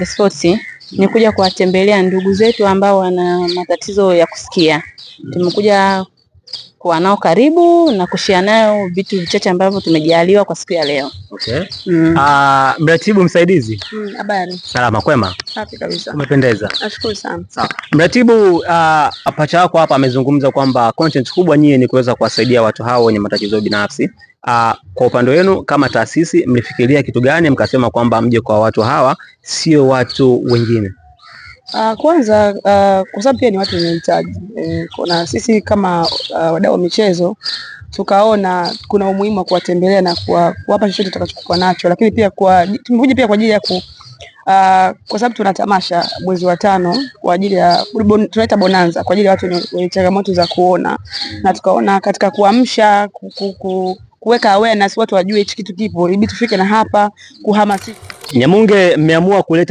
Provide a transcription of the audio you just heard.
Young Sports ni kuja kuwatembelea ndugu zetu ambao wana matatizo ya kusikia. Tumekuja kuwa nao karibu na kushia nao vitu vichache ambavyo tumejaliwa kwa siku ya leo. Okay. Mm. Ah, mratibu msaidizi. Mm, habari? Salama kwema? Safi kabisa. Umependeza. Nashukuru sana. Sawa. Mratibu, uh, pacha wako hapa amezungumza kwamba content kubwa nyie ni kuweza kuwasaidia watu hao wenye matatizo binafsi. Uh, kwa upande wenu kama taasisi mlifikiria kitu gani mkasema kwamba mje kwa watu hawa sio watu wengine? Uh, kwanza uh, kwa sababu pia ni watu wenye uhitaji e, eh, kuna sisi kama uh, wadau wa michezo tukaona kuna umuhimu wa kuwatembelea na kuwapa chochote tutakachokuwa nacho, lakini pia kwa tumekuja pia kwa ajili ya ku uh, kwa sababu tuna tamasha mwezi wa tano kwa ajili ya bon, tunaita bonanza kwa ajili ya watu wenye changamoto za kuona, na tukaona katika kuamsha ku, ku, ku, kuweka awareness watu wajue hichi kitu kipo, ibidi tufike na hapa kuhamasisha. Nyamunge mmeamua kuleta